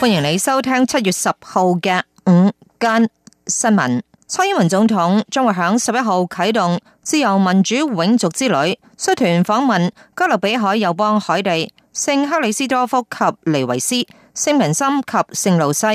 歡迎你收聽七月十號嘅午間新聞。蔡英文總統將會喺十一號啟動自由民主永續之旅，率團訪問加勒比海友邦海地、聖克里斯多福及尼維斯、聖文森及聖路西。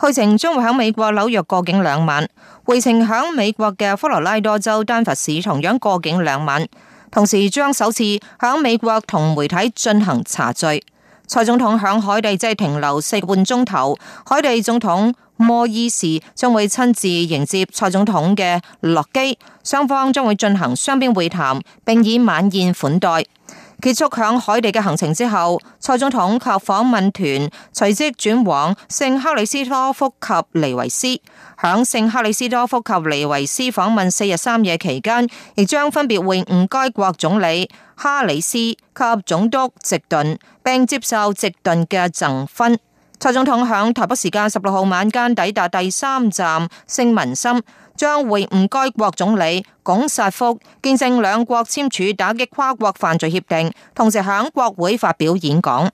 去程將會喺美國紐約過境兩晚，回程響美國嘅科羅拉多州丹佛市同樣過境兩晚，同時將首次響美國同媒體進行茶敘。蔡總統喺海地即係停留四個半鐘頭，海地總統摩伊士將會親自迎接蔡總統嘅落機，雙方將會進行雙邊會談，並以晚宴款待。結束響海地嘅行程之後，蔡總統及訪問團隨即轉往聖克里斯多福及尼維斯。響聖克里斯多福及尼維斯訪問四日三夜期間，亦將分別會晤該國總理哈里斯及總督席頓，並接受席頓嘅贈勳。蔡總統喺台北時間十六號晚間抵達第三站，聖文森將會晤該國總理龔薩福，見證兩國簽署打擊跨國犯罪協定，同時喺國會發表演講。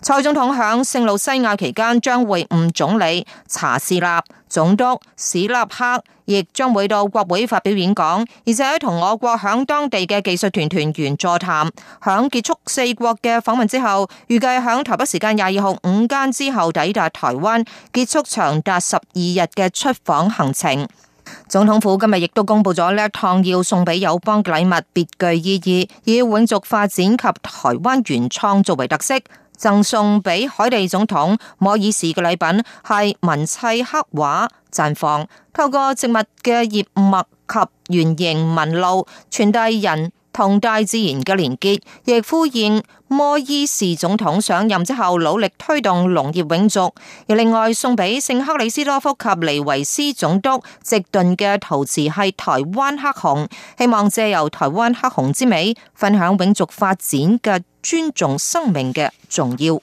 蔡總統響聖路西亞期間，將會晤總理查士立、總督史立克，亦將會到國會發表演講，而且同我國響當地嘅技術團團員座談。響結束四國嘅訪問之後，預計響台北時間廿二號午間之後抵達台灣，結束長達十二日嘅出訪行程。總統府今日亦都公布咗呢一趟要送俾友邦嘅禮物，別具意義，以永續發展及台灣原創作為特色。贈送俾海地總統摩伊士嘅禮品係文砌黑畫綻放，透過植物嘅葉脈及圓形紋路，傳遞人同大自然嘅連結，亦呼應摩伊士總統上任之後努力推動農業永續。而另外送俾聖克里斯多夫及尼維斯總督直頓嘅陶瓷係台灣黑熊，希望借由台灣黑熊之美，分享永續發展嘅尊重生命嘅重要。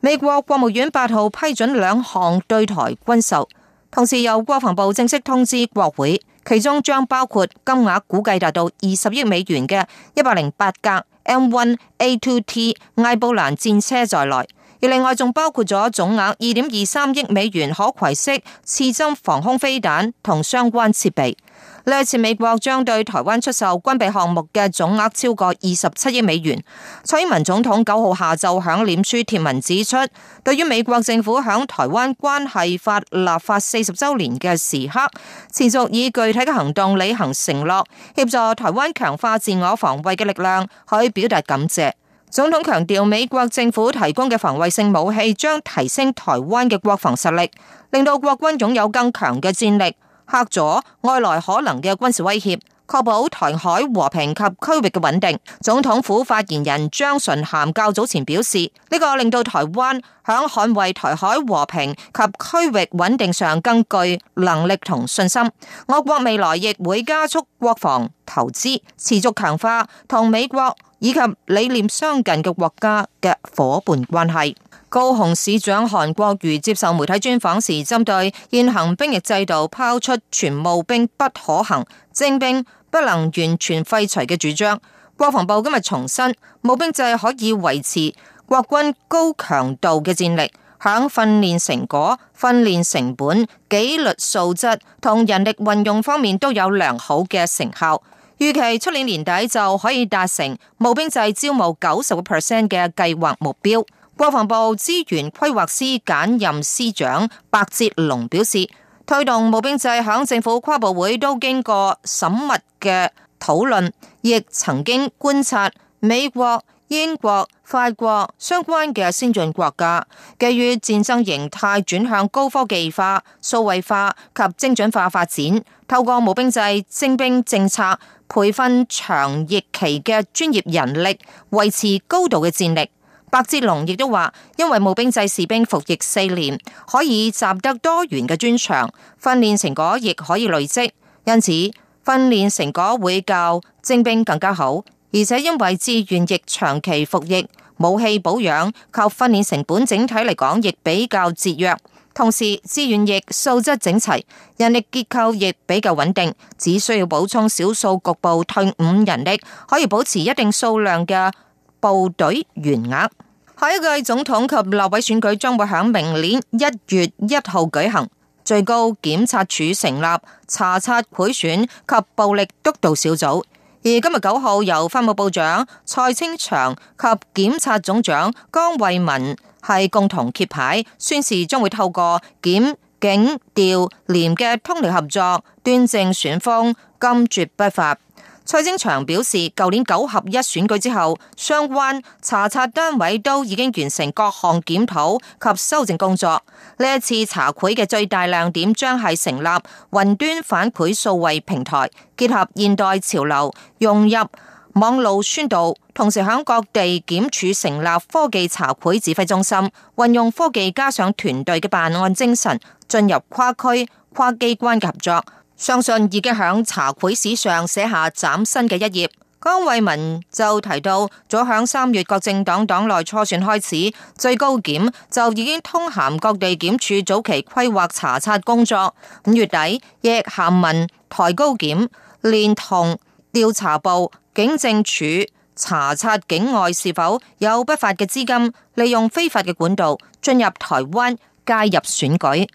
美國國務院八號批准兩項對台軍售，同時由國防部正式通知國會，其中將包括金額估計達到二十億美元嘅一百零八架 M1A2T 艾布蘭戰車在內，而另外仲包括咗總額二點二三億美元可攜式刺針防空飛彈同相關設備。呢次美國將對台灣出售軍備項目嘅總額超過二十七億美元。蔡英文總統九號下晝響臉書貼文指出，對於美國政府響台灣關係法立法四十周年嘅時刻，持續以具體嘅行動履行承諾，協助台灣強化自我防衛嘅力量，可以表達感謝。總統強調，美國政府提供嘅防衛性武器將提升台灣嘅國防實力，令到國軍擁有更強嘅戰力。吓咗外來可能嘅軍事威脅，確保台海和平及區域嘅穩定。總統府發言人張純涵較早前表示，呢、這個令到台灣響捍衛台海和平及區域穩定上更具能力同信心。我國未來亦會加速國防投資，持續強化同美國以及理念相近嘅國家嘅伙伴關係。高雄市長韓國瑜接受媒體專訪時，針對現行兵役制度拋出全募兵不可行、徵兵不能完全廢除嘅主張。國防部今日重申，募兵制可以維持國軍高強度嘅戰力，喺訓練成果、訓練成本、紀律素質同人力運用方面都有良好嘅成效，預期出年年底就可以達成募兵制招募九十 percent 嘅計劃目標。國防部資源規劃司簡任司長白哲龍表示，推動募兵制，響政府跨部會都經過審密嘅討論，亦曾經觀察美國、英國、法國相關嘅先進國家，基於戰爭形態轉向高科技化、數位化及精準化發展，透過募兵制徵兵政策，培訓長役期嘅專業人力，維持高度嘅戰力。白志龍亦都話，因為募兵制士兵服役四年，可以習得多元嘅專長，訓練成果亦可以累積，因此訓練成果會較徵兵更加好。而且因為志願役長期服役，武器保養靠訓練成本整體嚟講亦比較節約。同時，志願役素質整齊，人力結構亦比較穩定，只需要補充少數局部退伍人力，可以保持一定數量嘅部隊員額。下一屆總統及立委選舉將會喺明年一月一號舉行，最高檢察署成立查察賄選及暴力督導小組，而今日九號由法務部長蔡清祥及檢察總長江惠民係共同揭牌，宣示將會透過檢警調廉嘅通力合作，端正選風，根絕不法。蔡清祥表示，舊年九合一選舉之後，相關查察單位都已經完成各項檢討及修正工作。呢一次查賄嘅最大亮點，將係成立雲端反賄數位平台，結合現代潮流，融入網路宣導，同時響各地檢署成立科技查賄指揮中心，運用科技加上團隊嘅辦案精神，進入跨區、跨機關嘅合作。相信已經響查賄史上寫下嶄新嘅一頁。江惠民就提到，早響三月各政黨黨內初選開始，最高檢就已經通函各地檢署，早期規劃查察工作。五月底亦函文，台高檢，聯同調查部、警政署查察境外是否有不法嘅資金，利用非法嘅管道進入台灣加入選舉。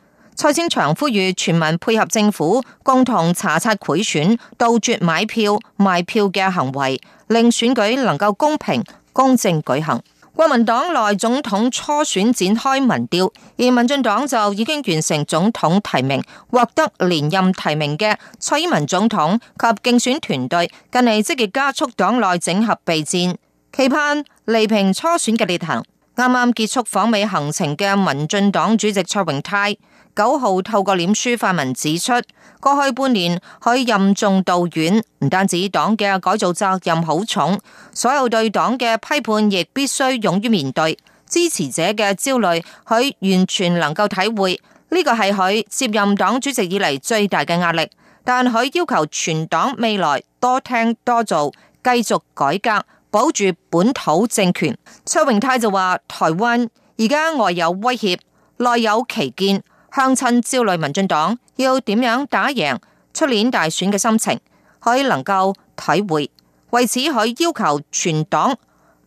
蔡清祥呼籲全民配合政府，共同查察賄選，杜絕買票賣票嘅行為，令選舉能夠公平公正舉行。國民黨內總統初選展開民調，而民進黨就已經完成總統提名，獲得連任提名嘅蔡英文總統及競選團隊，近嚟積極加速黨內整合備戰，期盼黎平初選嘅列行。啱啱結束訪美行程嘅民進黨主席卓榮泰。九號透過臉書發文指出，過去半年佢任重道遠，唔單止黨嘅改造責任好重，所有對黨嘅批判亦必須勇於面對。支持者嘅焦慮，佢完全能夠體會。呢個係佢接任黨主席以嚟最大嘅壓力，但佢要求全黨未來多聽多做，繼續改革，保住本土政權。卓榮泰就話：台灣而家外有威脅，內有歧見。鄉親焦慮，民進黨要點樣打贏出年大選嘅心情，可以能夠體會。為此，佢要求全黨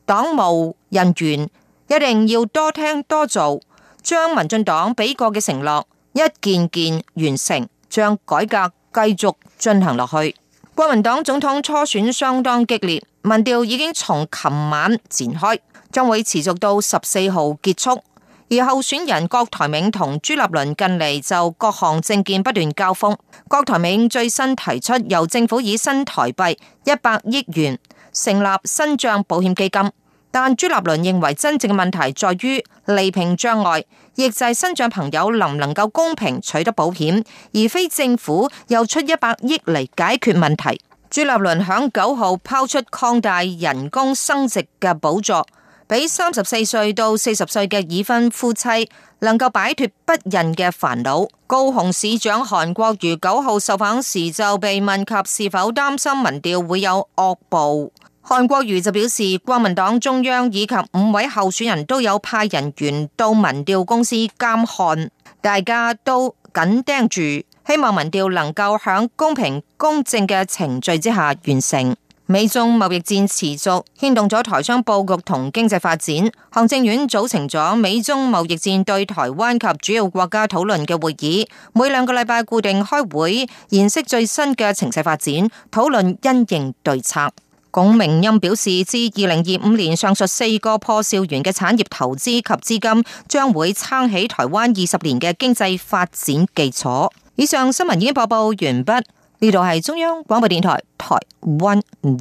黨務人員一定要多聽多做，將民進黨俾過嘅承諾一件件完成，將改革繼續進行落去。國民黨總統初選相當激烈，民調已經從琴晚展開，將會持續到十四號結束。而候選人郭台銘同朱立倫近嚟就各項政見不斷交鋒。郭台銘最新提出由政府以新台幣一百億元成立新賬保險基金，但朱立倫認為真正嘅問題在於利平障礙，亦就係新賬朋友能唔能夠公平取得保險，而非政府又出一百億嚟解決問題。朱立倫響九號拋出擴大人工生殖嘅補助。喺三十四歲到四十歲嘅已婚夫妻能夠擺脫不孕嘅煩惱。高雄市長韓國瑜九號受訪時就被問及是否擔心民調會有奧步，韓國瑜就表示，國民黨中央以及五位候選人都有派人員到民調公司監看，大家都緊盯住，希望民調能夠響公平公正嘅程序之下完成。美中貿易戰持續牽動咗台商布局同經濟發展，行政院組成咗美中貿易戰對台灣及主要國家討論嘅會議，每兩個禮拜固定開會，研析最新嘅情勢發展，討論因應對策。龔明鑫表示，至二零二五年上述四個破兆元嘅產業投資及資金，將會撐起台灣二十年嘅經濟發展基礎。以上新聞已經播報完畢。呢度係中央廣播電台台灣。Z.